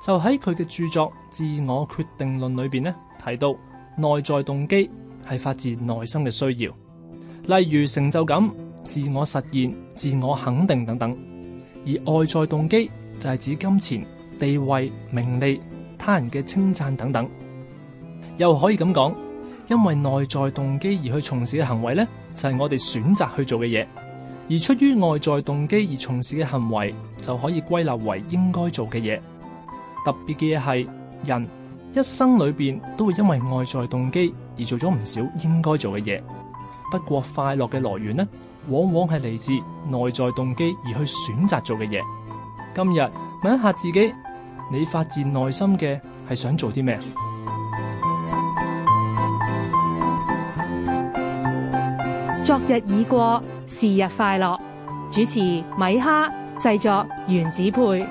就喺佢嘅著作《自我決定論》裏邊呢，提到內在動機係發自內心嘅需要，例如成就感、自我實現、自我肯定等等；而外在動機就係指金錢、地位、名利、他人嘅稱讚等等。又可以咁講，因為內在動機而去從事嘅行為呢，就係我哋選擇去做嘅嘢；而出於外在動機而從事嘅行為，就可以歸納為應該做嘅嘢。特別嘅嘢係，人一生裏邊都會因為外在動機而做咗唔少應該做嘅嘢。不過快樂嘅來源呢，往往係嚟自內在動機而去選擇做嘅嘢。今日問一下自己，你發自內心嘅係想做啲咩？昨日已過，是日快樂。主持米哈，製作原子配。